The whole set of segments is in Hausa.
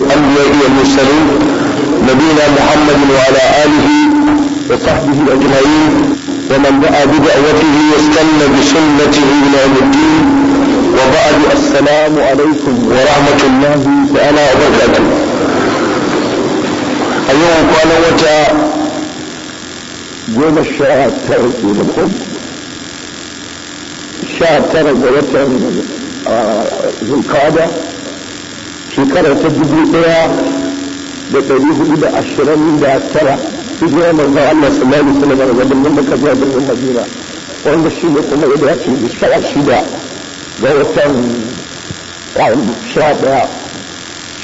الأنبياء المرسلين نبينا محمد وعلى آله وصحبه أجمعين ومن دعا بدعوته واستنى بسنته إلى يوم الدين وبعد السلام عليكم ورحمة الله تعالى وبركاته أيها قال وتا goma sha tara ke da ko sha tara ga shekara ta dubu ɗaya da ɗari hudu da ashirin da tara hijira manzo Allah sallallahu alaihi wasallam daga birnin Makka zuwa birnin Madina wanda shi ne kuma ya dace da shekara shida ga watan sha ɗaya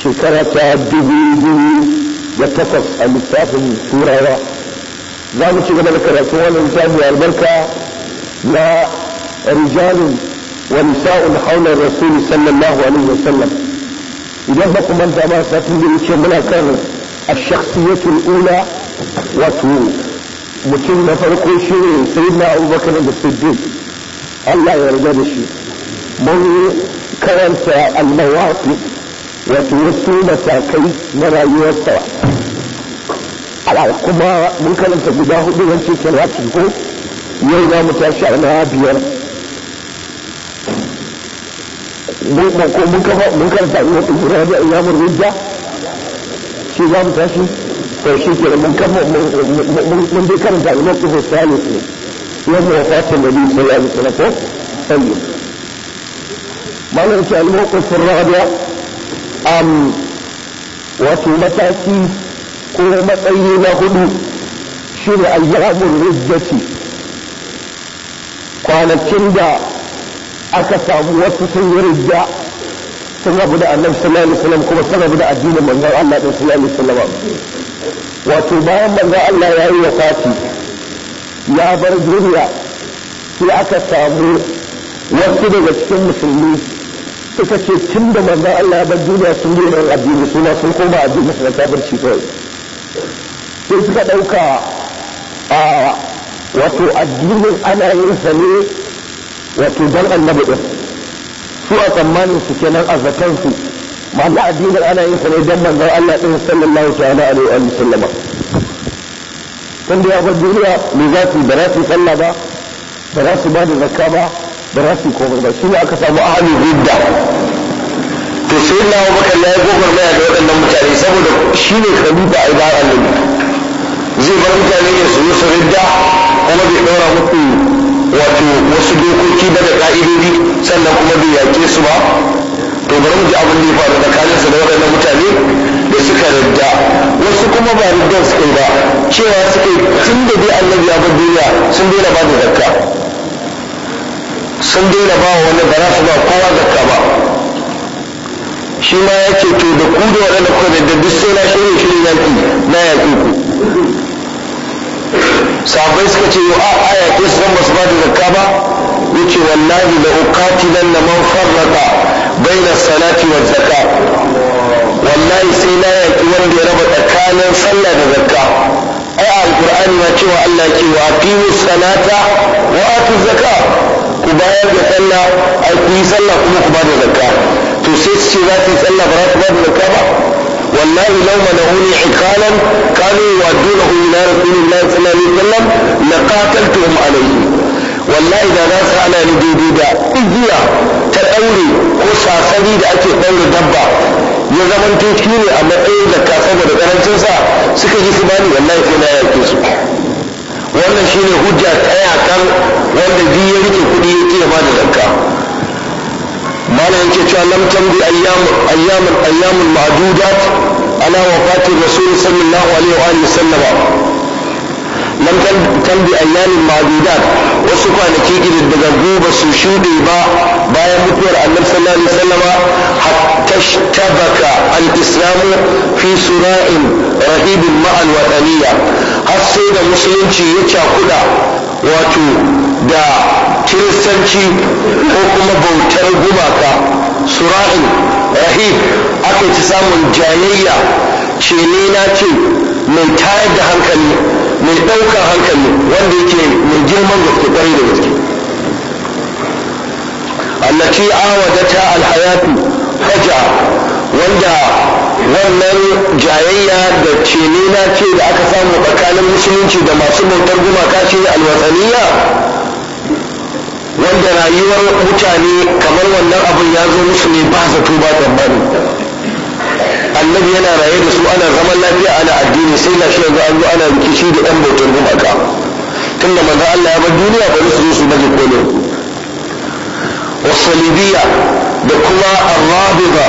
shekara ta dubu biyu da takwas a littafin turawa za mu ci gaba da karatu wannan littafi albarka na rijalun ونساء حول الرسول صلى الله عليه وسلم idan ba ku manta ba satin da wuce muna kan ashakhsiyatul ula wato mutum na farko shi ne sayyidina Abubakar da Siddiq Allah ya yarda da shi mun karanta al-mawaqi wato wasu matakai na rayuwarsa kuma mun karanta guda hudu wancan talatin ko yau za mu tashi a biyar mun kafa mun karanta ina tsibira da iyamur rujja shi za mu tashi to shi ke mun kafa mun dai karanta ina tsibira salis ne yamma wa fatin da biyu sallallahu alaihi wasallam ko tayyib malam ce al-mawqif ar-rabi'a am wato mataki ko matsayi na hudu shi ne ayyamur rujjati kwanakin da aka samu wasu sun yi rijja sun rabu da annabi sallallahu alaihi wasallam kuma sun rabu da addinin manzon Allah din sallallahu alaihi wasallam wato bayan manzon Allah ya yi wafati ya bar duniya sai aka samu wasu daga cikin musulmi suka ce tun da manzon Allah ya bar duniya sun yi ran addini suna sun koma addini suna kafirci kawai sai suka dauka a wato addinin ana yin sa ne wato dan annabi din su a tsammanin su kenan a zakan su ma'ana addinin ana yin sa ne dan manzon Allah din sallallahu ta'ala alaihi wa sallama kun da ya duniya me za su ba za su sallah ba ba za su ba da zakka ba ba za su komai ba shi ne aka samu ahlul ridda to sai na wa baka ya gogar maya da waɗannan mutane saboda shi ne khalifa a idan zai bar mutane ne su yi sun daina ba da zakka sun daina ba wani ba za su ba kowa zakka ba shi ma ya ce to da ku da waɗanda kuka da duk sai na shirye shirin yaki na yaƙi ku sabai suka ce yau a a yaƙi su san ba ba da zakka ba ya ce wallahi da uqatilan na man farrata baina salati wa zakka wallahi sai na yaƙi wanda ya raba tsakanin sallah da zakka ya ce wa Allah ke wa aqimu salata wa atu zakka ku bayar da sallah ai kuma ku bada zakka to sai su ce za su yi sallah ba za su bada zakka ba wallahi law ma lahuni iqalan kanu wa dunahu ila rasulillahi sallallahu alaihi wasallam laqataltuhum alayhi wallahi da za su ana da igiya ta daure ko sasari da ake daure dabba ya zamanto shi ne a matsayin zakka saboda karancinsa suka yi su bani wallahi sai na yake su wannan shi ne hujja tsaya kan wanda biyu ya rike kuɗi ya iya bada zakka mana yake cewa lam tamdi ayyamun ayyamun ayyamun ma'dudat ala wafati rasul sallallahu alaihi wa alihi lam kan bi ayyamin ma'dudat wasu kwanaki daga ba su shuɗe ba bayan mutuwar annabi sallallahu alaihi wasallama hatta al-islamu fi sura'in rahibin ma'al wataniya har sai da musulunci ya cakuda wato da kiristanci ko kuma bautar gumaka sura'in rahib aka ci samun jayayya ce ne na ce mai tayar da hankali mai ɗaukar hankali wanda yake mai girman gaske ƙwarai da gaske allati awadata alhayatu haja wanda wannan jayayya da na ce da aka samu tsakanin musulunci da masu bautar gumaka ce alwatsaniya wanda rayuwar mutane kamar wannan abin ya zo musu ne ba zato ba tsammani annabi yana raye da su ana zaman lafiya ana addini sai na shi yanzu an zo ana rikici da ɗan bautar gumaka tun da manzo Allah ya bar duniya bari su zo su baje kolin wasalibiya da kuma arrabiga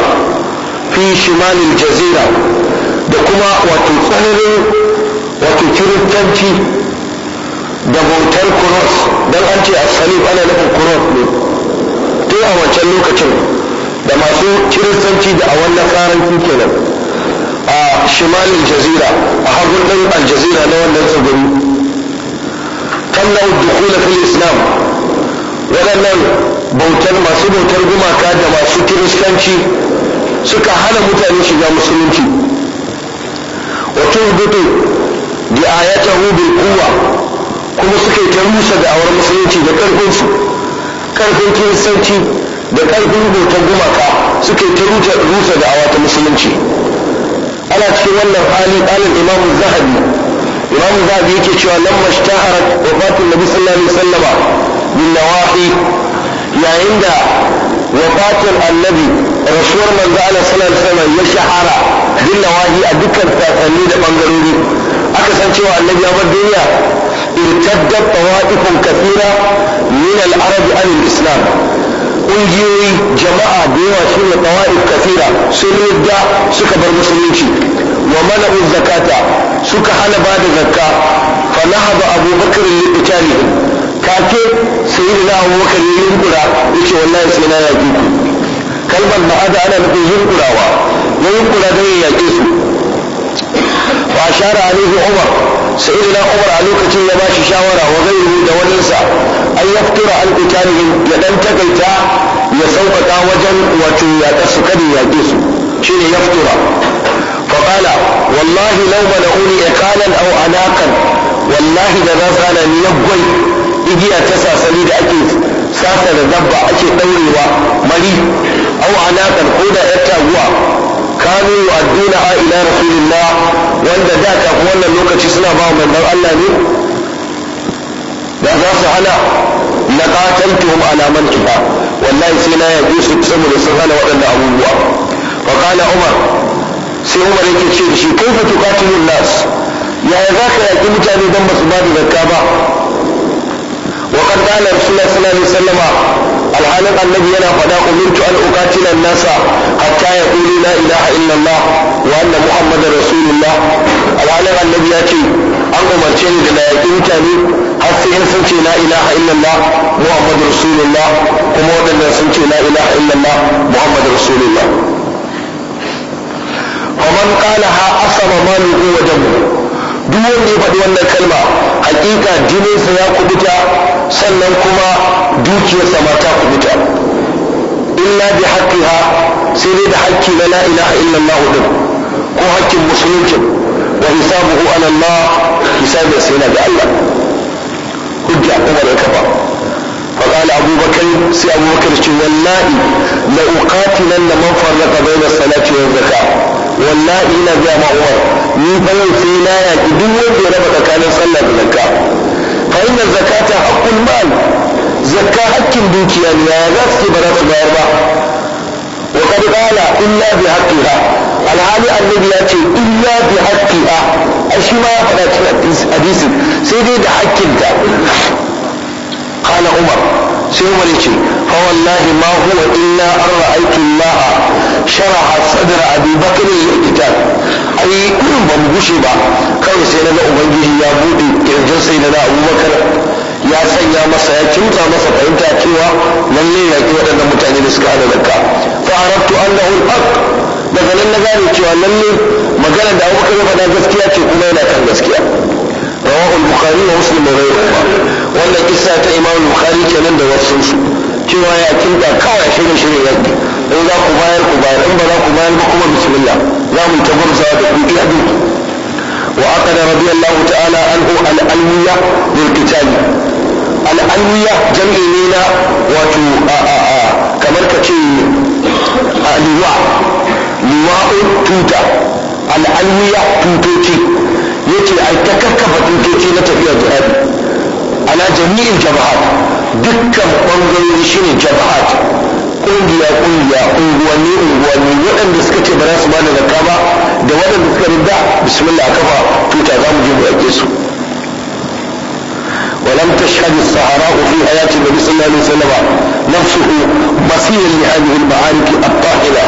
fi shimalil jazira da kuma wato tsananin wato kiristanci da bautar kuros don an ce asalib ana nufin kuros ne tun a wancan lokacin da masu kirista shimalin jazira a hagun ɗin aljazira na wannan tsibiri tamna dukula fil islam waɗannan bautar masu bautar gumaka da masu kiristanci suka hana mutane shiga musulunci wa tuhbitu bi ayatahu bil quwwa kuma suka yi ta rusa da awar musulunci da ƙarfinsu ƙarfin kiristanci da ƙarfin bautar gumaka suka yi rusa da awa ta musulunci ana cikin wannan hali ƙalin imamu zahabi imamu zahabi yake cewa lamma shtaharat wafatun nabi sallallahu alaihi wasallama bin nawahi yayin da wafatun annabi rasuwar manzo Allah sallallahu alaihi wasallam ya shahara bin nawahi a dukkan kakanni da bangarori aka san cewa annabi ya bar duniya irtaddat tawaifun kathira min al-arab an al-islam ƙungiyoyi jama'a da yawa su ne ɗawa'if kafira sun yadda suka bar musulunci wa mana zakata suka hana ba da zakka fa haɗa abubakar liqitali kake da sayyidina abubakar ya yunkura yace wallahi sai na yaƙi ku kalmar ma'ada ana nufin yunkurawa ya yunkura don ya yaƙe su alaihi umar sayyidina umar a lokacin ya bashi shawara wa gairu da waninsa an yaftura an kutarihim ya dan takaita ya sauƙaƙa wajen wato yaƙar su kada ya yaƙe su shine yaftura فقال والله لو منعوني إقالا أو عناقا والله da za su ana yaggwai igiya ta sasani da ake sasa dabba ake ɗaurewa mari au anakan ko da yar taguwa kanu yu'addunaha ila rasulillah wanda da kafin wannan lokaci suna ba wa manzon Allah ne da za su hana na qataltuhum ala man tuba wallahi sai na yaje su saboda sun hana waɗannan abubuwa fa qala umar sai umar yake ce da shi kaifa tuqatilun nas yaya za ka yaki mutane dan ba su ba da zakka ba wa qala rasulullahi sallallahu alaihi wasallam alhalin annabi yana faɗa umirtu an uqatila nasa hatta yaqulu la ilaha illallah wa anna muhammadar rasulullah alhalin annabi ya ce an umarce ni da yaƙi mutane har sai in sun ce la ilaha illallah muhammadur rasulullah kuma waɗannan sun ce la ilaha illallah muhammadur rasulullah ومن قالها أصم ماله ودمه duk wanda ya faɗi wannan kalma haƙiƙa jininsa ya kubuta sannan kuma dukiyarsa ma ta kubuta illa bi haqqiha sai dai da haƙƙi na la a illan din ko haƙƙin musulunci wa hisabuhu ala Allah hisabi sai na ga Allah hujja kuma da kafa فقال أبو بكر سي أبو بكر والله لأقاتلن من ina بين الصلاة والزكاة والله sai na عمر من فلسطين يا دون ربك كان صلى بالزكاة fa zakata haqqul mal zakka hakkin dukiya ne ya za su ba za bayar ba wa qad qala illa bi haqqiha alhali annabi ya ce illa bi haqqiha ai shi ma ya faɗa sai dai umar sai umar ya ce fa wallahi ma huwa illa sharaha sadr abi bakr al-qital ai ba mu gushe ba kawai sai na ubangiji ya buɗe kirjin sai na abubakar ya sanya masa ya kimta masa fahimta cewa lalle ya ki waɗannan mutane da suka ana zakka fa arabtu annahu al daga nan na gane cewa lalle magana da abubakar ya faɗa gaskiya ce kuma yana kan gaskiya rawahu al-bukhari wa muslim wa ghayruhuma wannan kissa ta imam al-bukhari kenan da wasu su cewa ya kinta kawai shirin shirin ya ke in za ku bayar ku bayar in ba za ku bayar ba kuma bismillah za mu ta gurza da ku iya duk wa aqad radiyallahu ta'ala anhu al-alwiya bil qital al-alwiya jam'i ne na wato a a a kamar ka ce liwa liwa'u tuta al-alwiya tutoci yace ai ta kakkafa tutoci na tafiyar jihadi ala jami'in jabhat dukkan bangarori shine jabhat kungiya kungiya unguwanni unguwanni waɗanda suka ce ba za su bada zakka ba da waɗanda suka rinda bismillah kafa tuta za mu je mu yake su ولم تشهد السهراء في حياة النبي صلى الله عليه وسلم نفسه بصيرا لهذه المعارك الطاهرة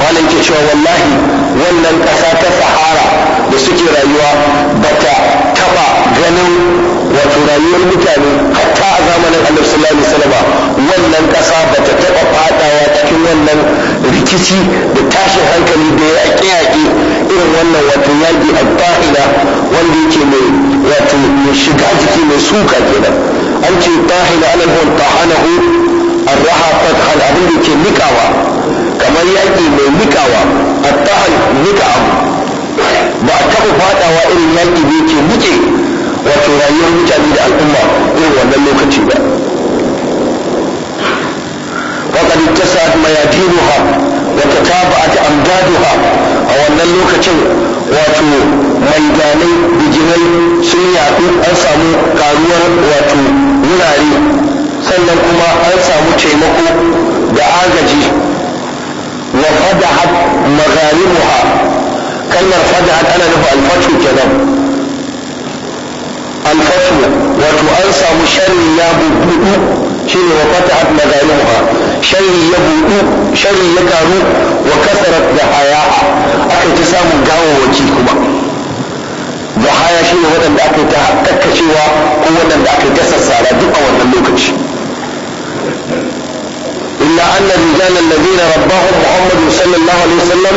malam ke cewa wallahi wannan ƙasa ta sahara da suke rayuwa ba ta taɓa ganin wato rayuwar mutane hatta a zamanin annabi sallallahu alaihi wasallam wannan kasa ba ta taba fadawa cikin wannan rikici da tashin hankali da ya yaƙe irin wannan wato yaƙi a ba'ida wanda yake mai wato mai shiga jiki mai suka kenan an ce tahila alal hon tahanahu arraha fathan abin da yake nikawa kamar yaƙi mai nikawa at-tahan nika abu ba a taɓa fadawa irin yaƙi da yake nike wato rayuwar mutane da al'umma irin wannan lokaci ba وقد ha, da ta taba a wannan lokacin wato maidanai bijinai sun yaɗu an samu karuwar wato wurare sannan kuma an samu taimako da agaji wa fadahat magharibuha kalmar fadahat ana nufa alfatu kenan alfatu wato an samu sharri ya buɗu shine wa fatahat mazalimuha sharri ya buɗu sharri ya karu wa kasarat da haya aka ji samun gawawaki kuma da haya shine waɗanda aka ta kakkacewa ko waɗanda aka ta sassara duk a wannan lokaci إلا أن الرجال الذين رباهم محمد صلى الله عليه وسلم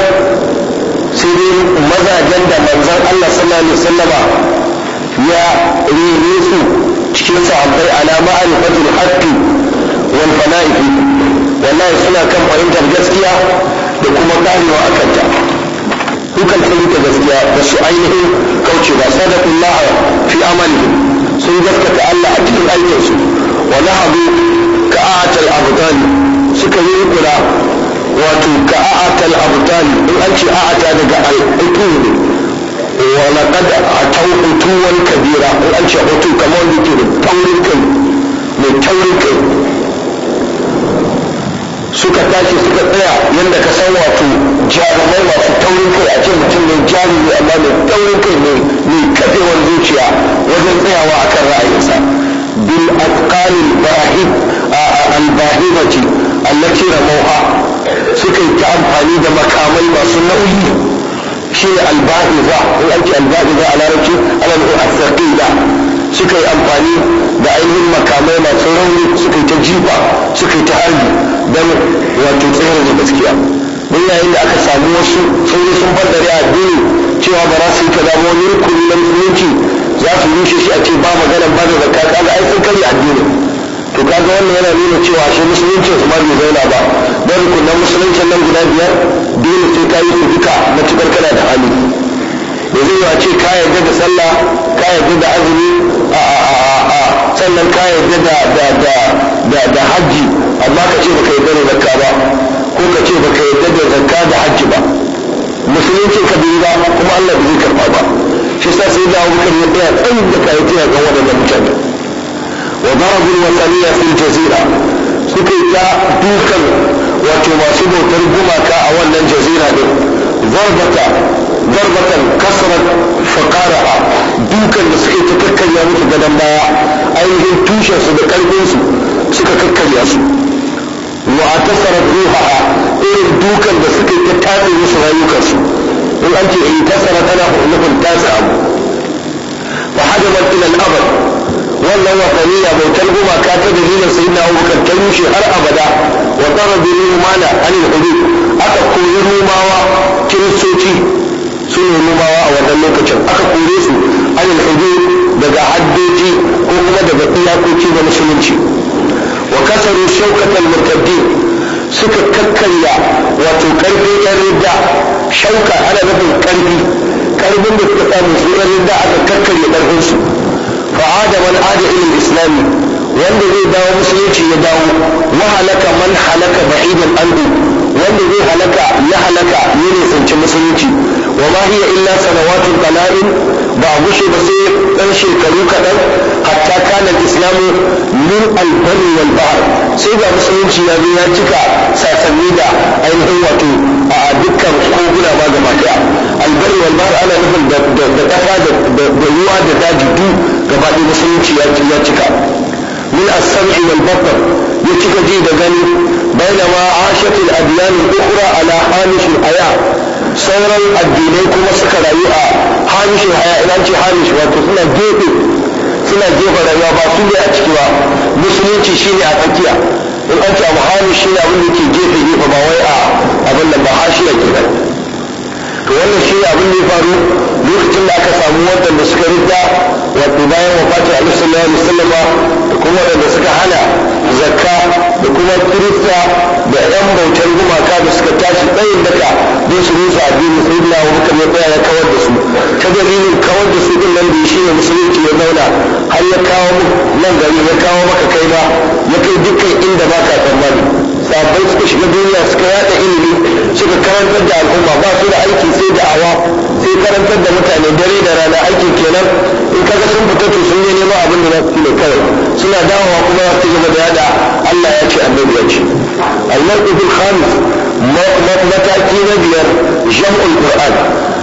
سيرين ماذا جند منزل الله صلى الله عليه وسلم ya rere su cikin sahabbai ala ma'rifatul haqqi wal fana'i wallahi suna kan fahimtar gaskiya da kuma karewa akan ta dukan fahimta gaskiya da su ainihin kauce ba la'a fi amalihim sun gaskata Allah a cikin aikinsu wa nahabu ka'atal abdan suka yi kula wato ka'atal abdan in an ce a'ata daga al'uqul wa laqad atau utuwan kabira ko an ce utu kamar wanda taurin kai mai taurin kai suka tashi suka tsaya yadda ka san wato jarumai masu taurin kai a cikin mutum ne jarumi amma mai taurin kai ne mai kafewar zuciya wajen tsayawa akan ra'ayinsa bil atqalil bahid al-bahidati allati ramawha suka yi ta amfani da makamai masu nauyi shine alba'iza in an ce alba'iza a larabci ana nufin asaqila suka yi amfani da ainihin makamai masu rauni suka yi ta jifa suka yi ta harbi don wato tsayar da gaskiya don yayin da aka samu wasu sun sun bandare a addini cewa ba za su yi kaza ba rukuni na musulunci za su rushe shi a ce ba maganar ba da zakka kaga ai sun karya addini to kaga wannan yana nuna cewa shi musulunci su ma bai zauna ba don rukunan musuluncin nan guda biyar dole sai ka yi su duka matukar kana da hali da zai yi a ce ka yarda da sallah ka yarda da azumi a a a a sannan ka yarda da da da da da hajji amma ka ce baka yarda da zakka ba ko ka ce baka yarda da zakka da hajji ba musulunci ka bai ba kuma Allah bai karɓa ba shi sa sai da Abubakar ya tsaya tsayin da kai tsaya ga waɗannan mutane wa barabin wasaniya sun jazira suka ja dukan wato masu bautar gumaka a wannan jazira din zarbata zarbatan kasarar fakara a dukan da suka yi ta musu gadon baya ainihin tushen su da karfin su suka kakkarya su wa a tasara ruha a irin dukan da suka yi ta tatse musu rayukan su in an ce in tasara tana hulufin tasa abu fa hajjabar ilal abad wannan wakariya bautar gumaka ta dalilin sai na wukar ta rushe har abada wa tsara biyu rumana an yi aka koyi rumawa kiristoci su ne rumawa a wannan lokacin aka kore su an yi daga haddoji ko kuma daga iyakoki na musulunci wa kasaru shaukatal murtaddin suka kakkarya wato karfe yan ridda shauka ana nufin karfi karfin da suka samu su yan ridda aka kakkarya karfinsu ada man ada ilil islami wanda zai dawo musulunci ya dawo wa halaka man halaka ba'idan anhu wanda zai halaka ya halaka ya nisanci musulunci wa ma hiya illa sanawatun qala'in ba a gushe ba sai dan shekaru kaɗan hatta kana islamu min albani wal bahr sai ga musulunci ya zo ya cika sasanni da ainihin wato a dukkan koguna ba ga daya albani wal bahr ana nufin da ƙasa da ruwa da daji duk gaba musulunci ya cika min as-sam'i wal basar ya cika ji da gani bainama ashat al-adyan al-ukhra ala hamish al-haya sauran addinai kuma suka rayu a hamish al-haya ina ce hamish wato suna gefe suna gefe rayuwa ba su ne a ciki ba musulunci shine a tsakiya in an ce abu hamish shine abin da ke gefe gefe ba wai a abin nan ba hashiya kenan to wannan shi ne abin da ya faru lokacin da aka samu waɗanda suka rida wato bayan wafati a sallallahu alaihi wasallam da kuma waɗanda suka hana zakka da kuma kirista da yan bautar gumaka da suka tashi tsayin daka don su rusa addini sai da wa muka mai ya kawar da su ta dalilin kawar da su ɗin nan da shi ne musulunci ya zauna har ya kawo nan gari ya kawo maka kai ba ya kai dukkan inda ba ka tsammani sabai suka shiga duniya suka yaɗa ilimi suka karantar da al'umma ba su da aiki sai awa sai karantar da mutane dare da rana aiki kenan in kaga sun fita to sun yi neman abin da za su ne kawai suna dawowa kuma za su gaba da yada Allah ya ce annabi ya ce allah maru khamis mataki na biyar jam'ul qur'an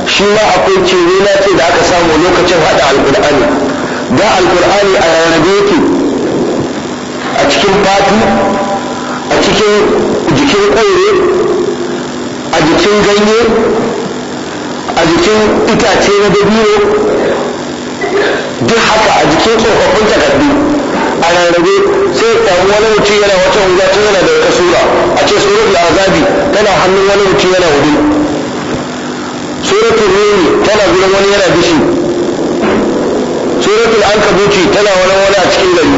shi ma akwai cewa na ce da aka samu lokacin hada al-qur'ani da al-qur'ani a rarrabe yake a cikin fatu a cikin jikin a jikin ganye a jikin itace na dabino duk haka a jikin tsofaffin takardu a rarrabe sai samu wani mutum yana wata hujja tun yana da wata sura a ce suratul azabi tana hannun wani mutum yana hudu suratul rumi tana gurin wani yana bishi suratul ankabuci tana wani wani a cikin gari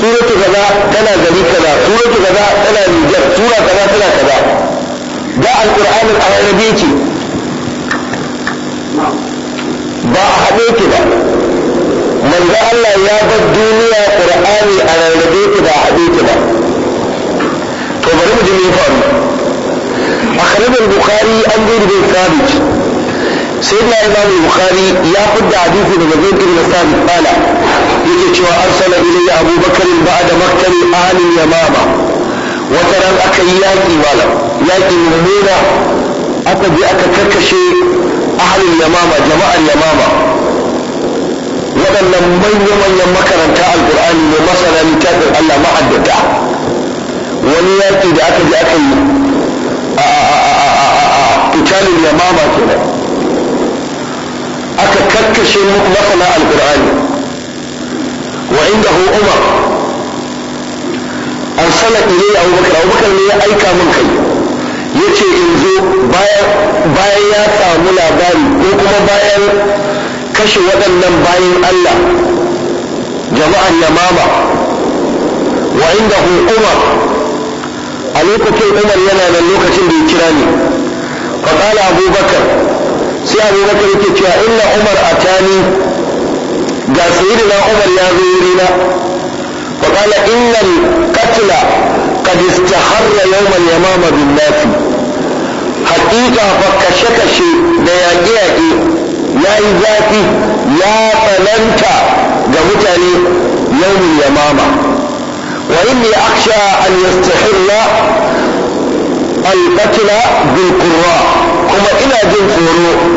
Suratu kaza tana gari kaza Suratu kaza tana nijar sura kaza tana kaza da alqur'anin arabi ce ba a haɗe ki ba manzo Allah ya bar duniya Qur'ani a rarrabe ki ba a haɗe ki ba to bari mu ji me faru أخرج البخاري عن زيد بن ثابت سيدنا الإمام البخاري يأخذ حديث من زيد بن ثابت قال يجي أرسل إلي أبو بكر بعد مقتل أهل اليمامة wata ran aka yi yaƙi malam yaƙi mummuna aka je aka karkashe ahalin yamama jama'ar yamama waɗannan manya-manyan makaranta alkur'ani ne masana littafin allah ma'addata wani yaƙi da aka ji aka yi a kitalin yamama kenan aka karkashe masana alkur'ani wa inda umar arsala ilai abubakar abubakar ne ya aika min kai ya ce in zo bayan bayan ya samu labari ko kuma bayan kashe waɗannan bayan Allah jama'an yamama wa inda umar a lokacin umar yana nan lokacin da ya kira ni faƙala abubakar sai abubakar yake cewa inna umar a tani ga na umar ya zo wurina faƙala innal katila qad istaharra yawmal yamama bin nafi حقيقة فكشك شيء بياجيك يا إذاكي يا فلنك قبت لي يوم اليمامة وإني أخشى أن يستحر البتل بالقراء كما إلى جنس ورو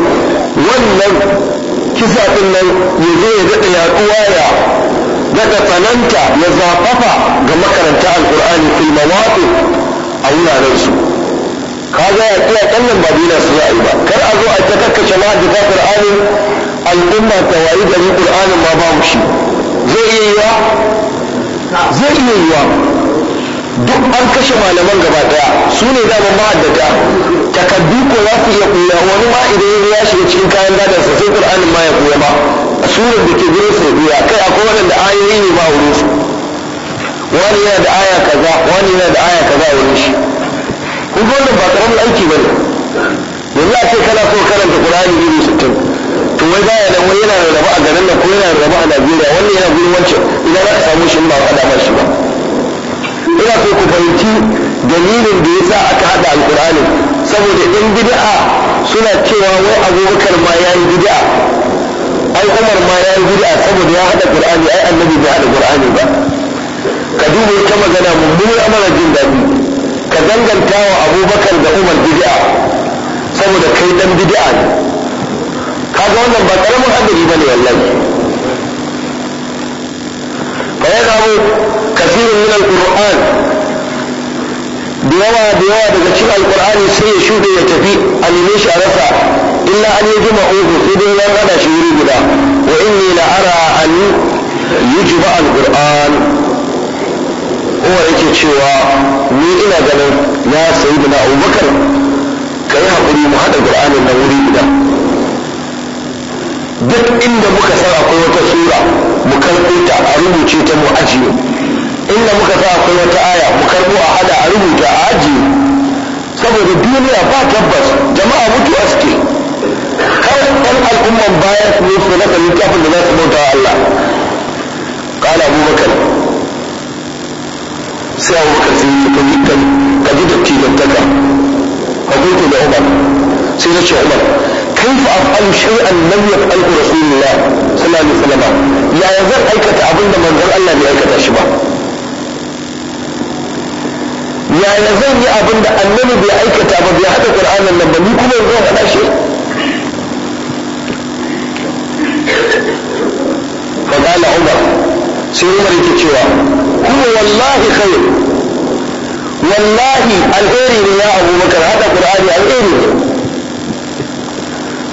ولن كسا إنه يزيد يا قوايا ذكا فلنك يزاقف كما كرمتها القرآن في المواطن أولا ليسوا kaga ya kiya kallon ba dina su za a yi ba kar a zo a ta kakkace ma da ta qur'anin al'umma ta wayi da qur'anin ma ba mu shi zai iya yiwa zai iya yiwa duk an kashe malaman gaba daya su ne daman ma'addata takaddu ko za su iya koya wani ma idan ya shiga cikin kayan sa, sai qur'anin ma ya koya ba a surar da ke gurin sai biya kai akwai waɗanda ayoyi ne ba wurin su wani yana da aya kaza wani yana da aya kaza wurin shi kun wannan ba karamin aiki ne. yanzu a ce kana so karanta kur'ani iri sittin to wai baya nan wai yana rarraba a garin nan ko yana rarraba a najeriya wannan yana gurin wancan idan za ka samu shi ba faɗa ma shi ba ina so ku fahimci dalilin da ya sa aka haɗa alƙur'ani saboda in bid'a suna cewa wai abubakar ma ya yi bid'a ai umar ma ya yi bid'a saboda ya haɗa qur'ani ai annabi bai haɗa qur'ani ba ka duba ta magana mummunar amara jin daɗi ka danganta wa abubakar da umar bid'a saboda kai dan bid'a ne kaga wannan ba karamin hadari bane wallahi fa yadhabu kathirun min alquran da yawa da yawa daga cikin alqur'ani sai ya shuɗe ya tafi a neme shi a rasa illa an yajma uhu sai dai ya hada shi wuri guda wa inni la ara an yujma alquran cewa ni ina ganin ya sayi da abubakar ka yi haƙuri mu haɗa ƙur'anin na wuri guda duk inda muka sa akwai wata sura mu karɓo ta a rubuce ta mu ajiye inda muka sa akwai wata aya mu karɓo a haɗa a rubuta a ajiye saboda duniya ba tabbas jama'a a suke kar ɗan al'umman baya su ne su na littafin da za su bauta Allah قال أبو بكر sai a wuka tsaye ta kai kai ka ji datti da taka da umar sai na ce umar kai fa afal shay'an lam yaf'al rasulullah sallallahu alaihi wasallam ya yanzu aikata abin da manzon Allah bai aikata shi ba yaya zan yi abinda da annabi bai aikata ba bai hada qur'anin nan ba ni kuma yanzu zan shi fa qala umar sai umar yake cewa kuma wallahi khair wallahi alheri ne ya abubakar hada qur'ani alheri ne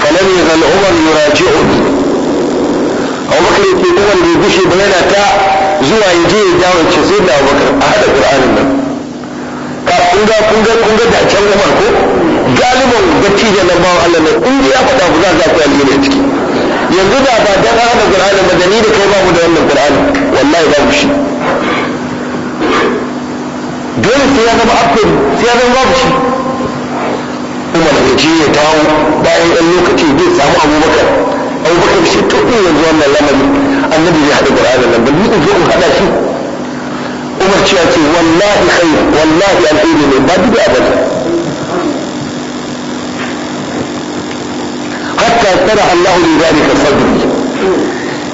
falam yazal umar yuraji'uni abubakar yake umar bai gushe ba yana ta zuwa ya je ya dawo ce sai da abubakar a hada qur'anin nan ka kun ga kun ga kun ga da can umar ko galiban dattijan nan bawan Allah ne in ya faɗa ba za ka alheri ciki yanzu da ba dan hada qur'anin ba da ni da kai ba mu da wannan qur'anin والله لا يمشي دول السياده ما اكل سياده ابو بمشي وما نجي يتاو باي اللوكتي دي سامو ابو بكر ابو بكر شي تقول إيه يا زوال النبي النبي اللي حدد هذا النبي اللي يجيبه هذا شيء عمر شاتي والله خير والله الحين من بعد ابدا حتى شرح الله لذلك صدري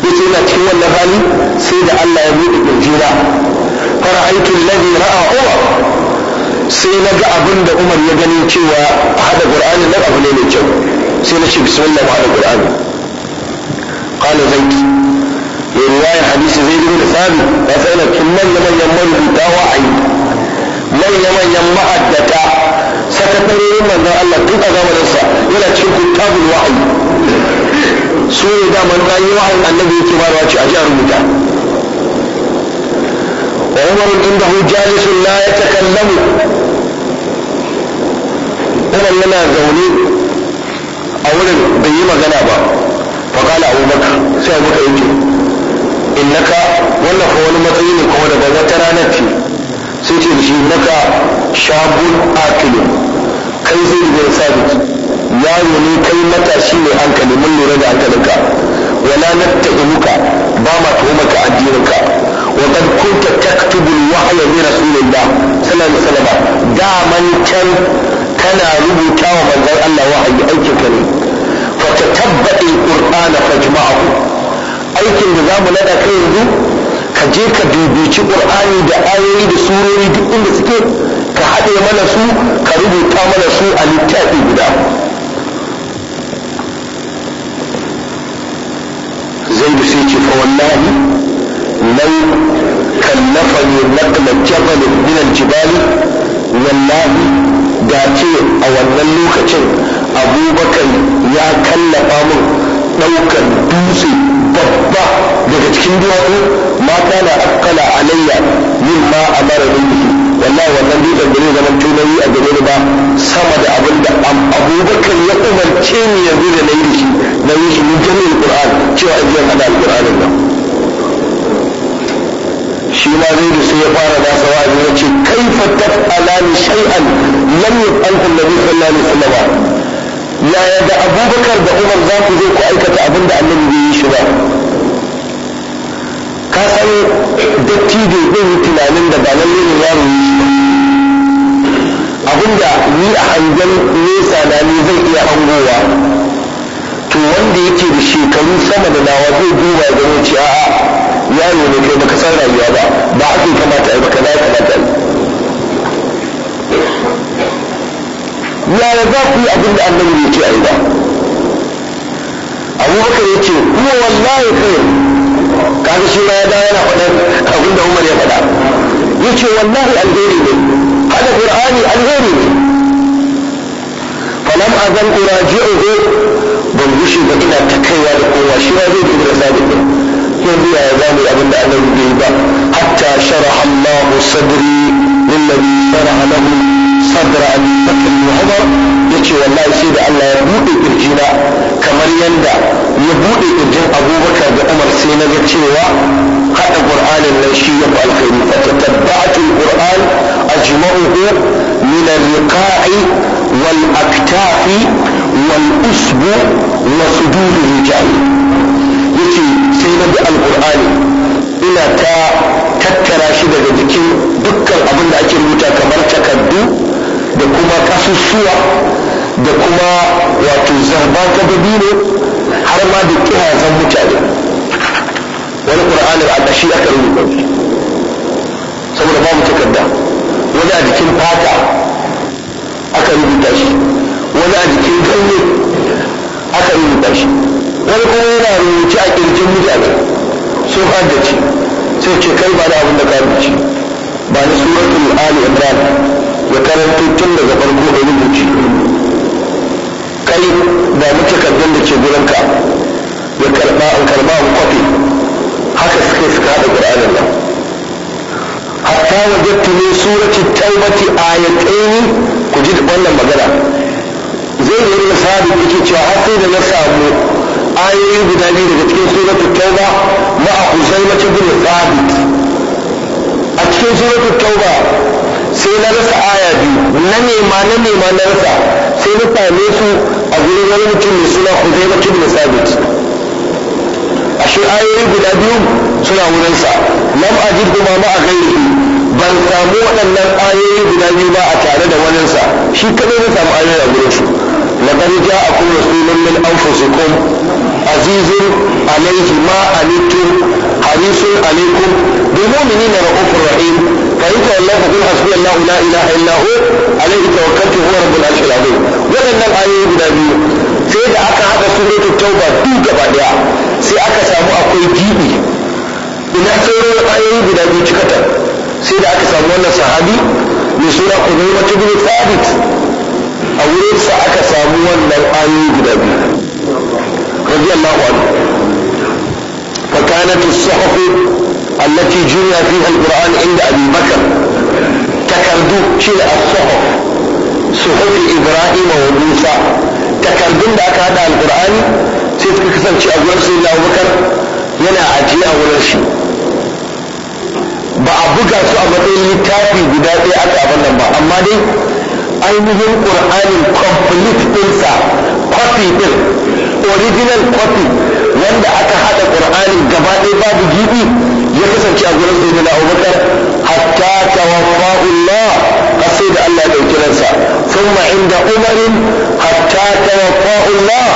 yace ina cikin wannan hali sai da Allah ya buɗe kirjina fara'aitu alladhi ra'a Umar sai na ga abin da Umar ya gani cewa hada Qur'ani na abu ne mai kyau sai na ce bismillah hada Qur'ani qala zaid ya riwaya hadisi zaid bin thabit ya sai na kin nan man yamman da wa'ayi man yamman ma'addata sakatarin manzon Allah tun a zamanin su ne daman kayi wahayin annabi yake ba ce a ji a rubuta wa umar inda hu jalisun la ya takallamu umar yana zaune a wurin bai yi magana ba fa kala abubakar sai abubakar yake innaka wannan ko wani matsayi ne kuma daga wata ranar ce sai ce da shi naka shabun akilu kai zai da sabit yaro ne kai matashi ne hankali mun lura da hankalinka wala nattahimuka ba ma tuhumaka addininka wa qad kunta taktubu al li rasulillah sallallahu alaihi wasallam da can kana rubuta wa manzon Allah wahayi aikinka ne fa tatabba'i qurana fajma'ahu aikin da zamu nada kai yanzu ka je ka dubici qur'ani da ayoyi da surori duk inda suke ka haɗe mana su ka rubuta mana su a littafi guda زين سيتي فوالله لو كلفني نقل جبل من الجبال والله dace a wannan lokacin abubakar ya kallafa mun ɗaukar dutse babba daga cikin duwatsu mata na akala alayya yin ma a mara bihi wallahi wannan dutsen da zai zama tunayi a gare ba sama da abin da abubakar ya umarce ni yanzu da na yi shi na yi shi jami'in qur'an cewa in zan hada alqur'anin ba shi ma zai da sai ya fara nasa wa'azi ya ce kai fatat alani shay'an lam yaf'alhu nabi sallallahu alaihi wasallam yaya da abubakar da umar za ku zo ku aikata abin da annabi bai yi shi ba ka san dattijo zai yi tunanin da ba lalle ne yaro yi abinda ni a hangen nesa na ni zai iya hangowa to wanda yake da shekaru sama da nawa zai duba ga wuce a'a yaro ne kai baka san rayuwa ba ba haka kamata a yi baka ya kamata yaya za ku yi abin da annabi ya ce a yi ba abubakar ya ce huwa wallahi kai kaga shi ma ya dawo yana faɗan abin da umar ya faɗa yace wallahi alheri ne hada qur'ani alheri ne falam azan uraji'uhu ban gushi ba ina ta kaiwa da kowa shi ma zai dinga sabin yanzu yaya zamu abin da annabi bai ba حتى شرح الله صدري للذي شرح له صدر أبي بكر وعمر يتي والله سيد الله يبوء الجنة كما يندى يبوء الجنة أبو بكر وعمر سينا يتيوى قد قرآن النشي يبقى الخير فتتبعت القرآن أجمعه من الرقاع والأكتاف والأسب وصدور الرجال يتي سينا القرآن ina ta tattara shi daga jikin dukkan abin da ake rubuta kamar takardu da kuma kasusuwa da kuma wato zarba ta dabino har ma da kihazan mutane wani ƙur'anin a ƙashi aka rubuta saboda babu takarda wani a jikin fata aka rubuta shi wani a jikin ganye aka rubuta shi wani kuma yana rubuce a ƙirjin mutane sun haddace sai ce kai ba da abin da ka ci ba ni suratul ali imran ya karanto tun daga farko da rubuci kai ba ni kaddan da ke gurin ka ya karba an karba an kwafi haka suka suka haɗa qur'anin nan hatta wajadtu ne surati taubati ayatayn ku ji wannan magana zai yi misali yake cewa har sai da na samu ayoyi guda biyu daga cikin suratul tauba ma a huzaima ibn thabit a cikin suratul tauba sai na rasa aya biyu na nema na nema na rasa sai na same su a gurin wani mutum mai suna huzaima ibn a shi ayoyi guda biyu suna wurinsa lam ajid kuma ma a gairi ban samu waɗannan ayoyi guda biyu ba a tare da waninsa shi kaɗai na samu ayoyi a gurin su لقد جاءكم رسول من أنفسكم azizun alaihi ma anitum harisun alaikum bil mu'minina ra'ufur rahim fa in tawallahu qul hasbiyallahu la ilaha illa hu alaihi tawakkaltu huwa rabbul arshil azim wadannan ayoyi guda biyu sai da aka haɗa suratul tauba duk gaba sai aka samu akwai gibi ina sauran ayoyi guda biyu cikata sai da aka samu wannan sahabi mai suna Ubayma ibn Thabit a wurinsa aka samu wannan ayoyi guda biyu radiyallahu anhu فكانت الصحف التي جرى فيها القرآن عند أبي بكر تكردو شيل الصحف صحف إبراهيم وموسى تكردو لك هذا القرآن سيدك كسن شيء أقول سيدنا أبو بكر ينا أجيء أولا شيء ba a buga su a matsayin littafi guda ɗaya aka abin nan ba amma dai ainihin ƙur'anin complete ɗinsa kwafi ɗin original copy wanda aka hada qur'ani gaba ɗaya babu gibi ya kasance a gurin da abubakar hatta tawaffahu allah har sai da allah ya dauki ransa thumma inda umarin hatta tawaffahu allah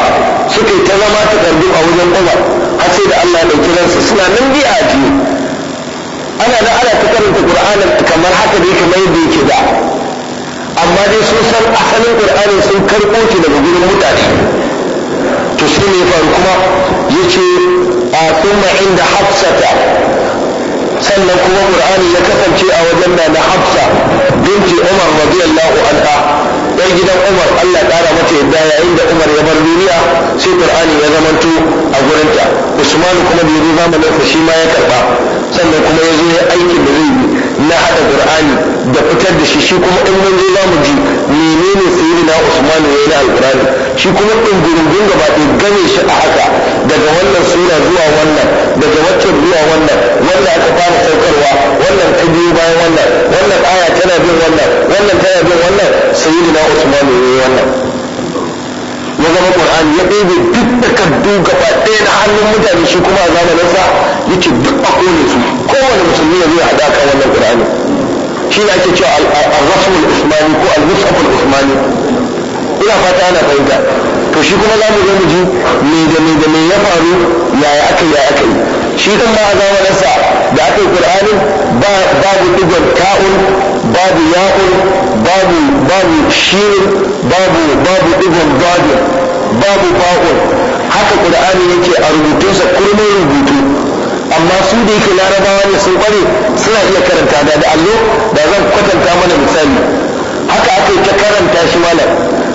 suka ta zama ta karbi a wajen umar har da allah ya dauki suna nan biya a ji ana da ana ta karanta qur'anin kamar haka da yake kamar da yake da amma dai sun san asalin qur'ani sun karɓo shi daga gurin mutane to sai me ya faru kuma ya ce a kuma inda hafsata sannan kuma qur'ani ya kasance a wajen da na hafsa binti umar radiyallahu anha dan gidan umar allah kara mata yadda yayin da umar ya bar duniya sai qur'ani ya zamanto a gurinta Usman kuma da ya zamanin shi ma ya karba sannan kuma ya zo ya aikin da zai yi na haɗa qur'ani da fitar da shi shi kuma in mun zo zamu ji menene sayyidina usman ya yi na alqur'ani shi kuma din gurungun gaba ɗaya gane shi a haka daga wannan sura zuwa wannan daga wacce zuwa wannan wannan aka fara saukarwa wannan ta biyu bayan wannan wannan aya tana bin wannan wannan tana bin wannan sayyidina usman ya alkur'ani ya ɗebe duk takardu gaba ɗaya na hannun mutane shi kuma a zamaninsa yake duk a kone su kowane musulmi ya zai haɗa kan wannan qur'ani shi ne ake cewa al-rasul usmani ko al-mus'haf usmani ina fata ana fahimta to shi kuma za mu zo mu me da me da me ya faru yaya aka yi aka yi shi din ma zamaninsa da aka yi qur'ani babu digar ta'un babu ya'un babu babu shirin babu babu digar gajin babu babu haka qur'ani yake a rubutun sa kurmin rubutu amma su da yake larabawa ne sun kware suna iya karanta da allo da zan kwatanta mana misali haka aka ta karanta shi malam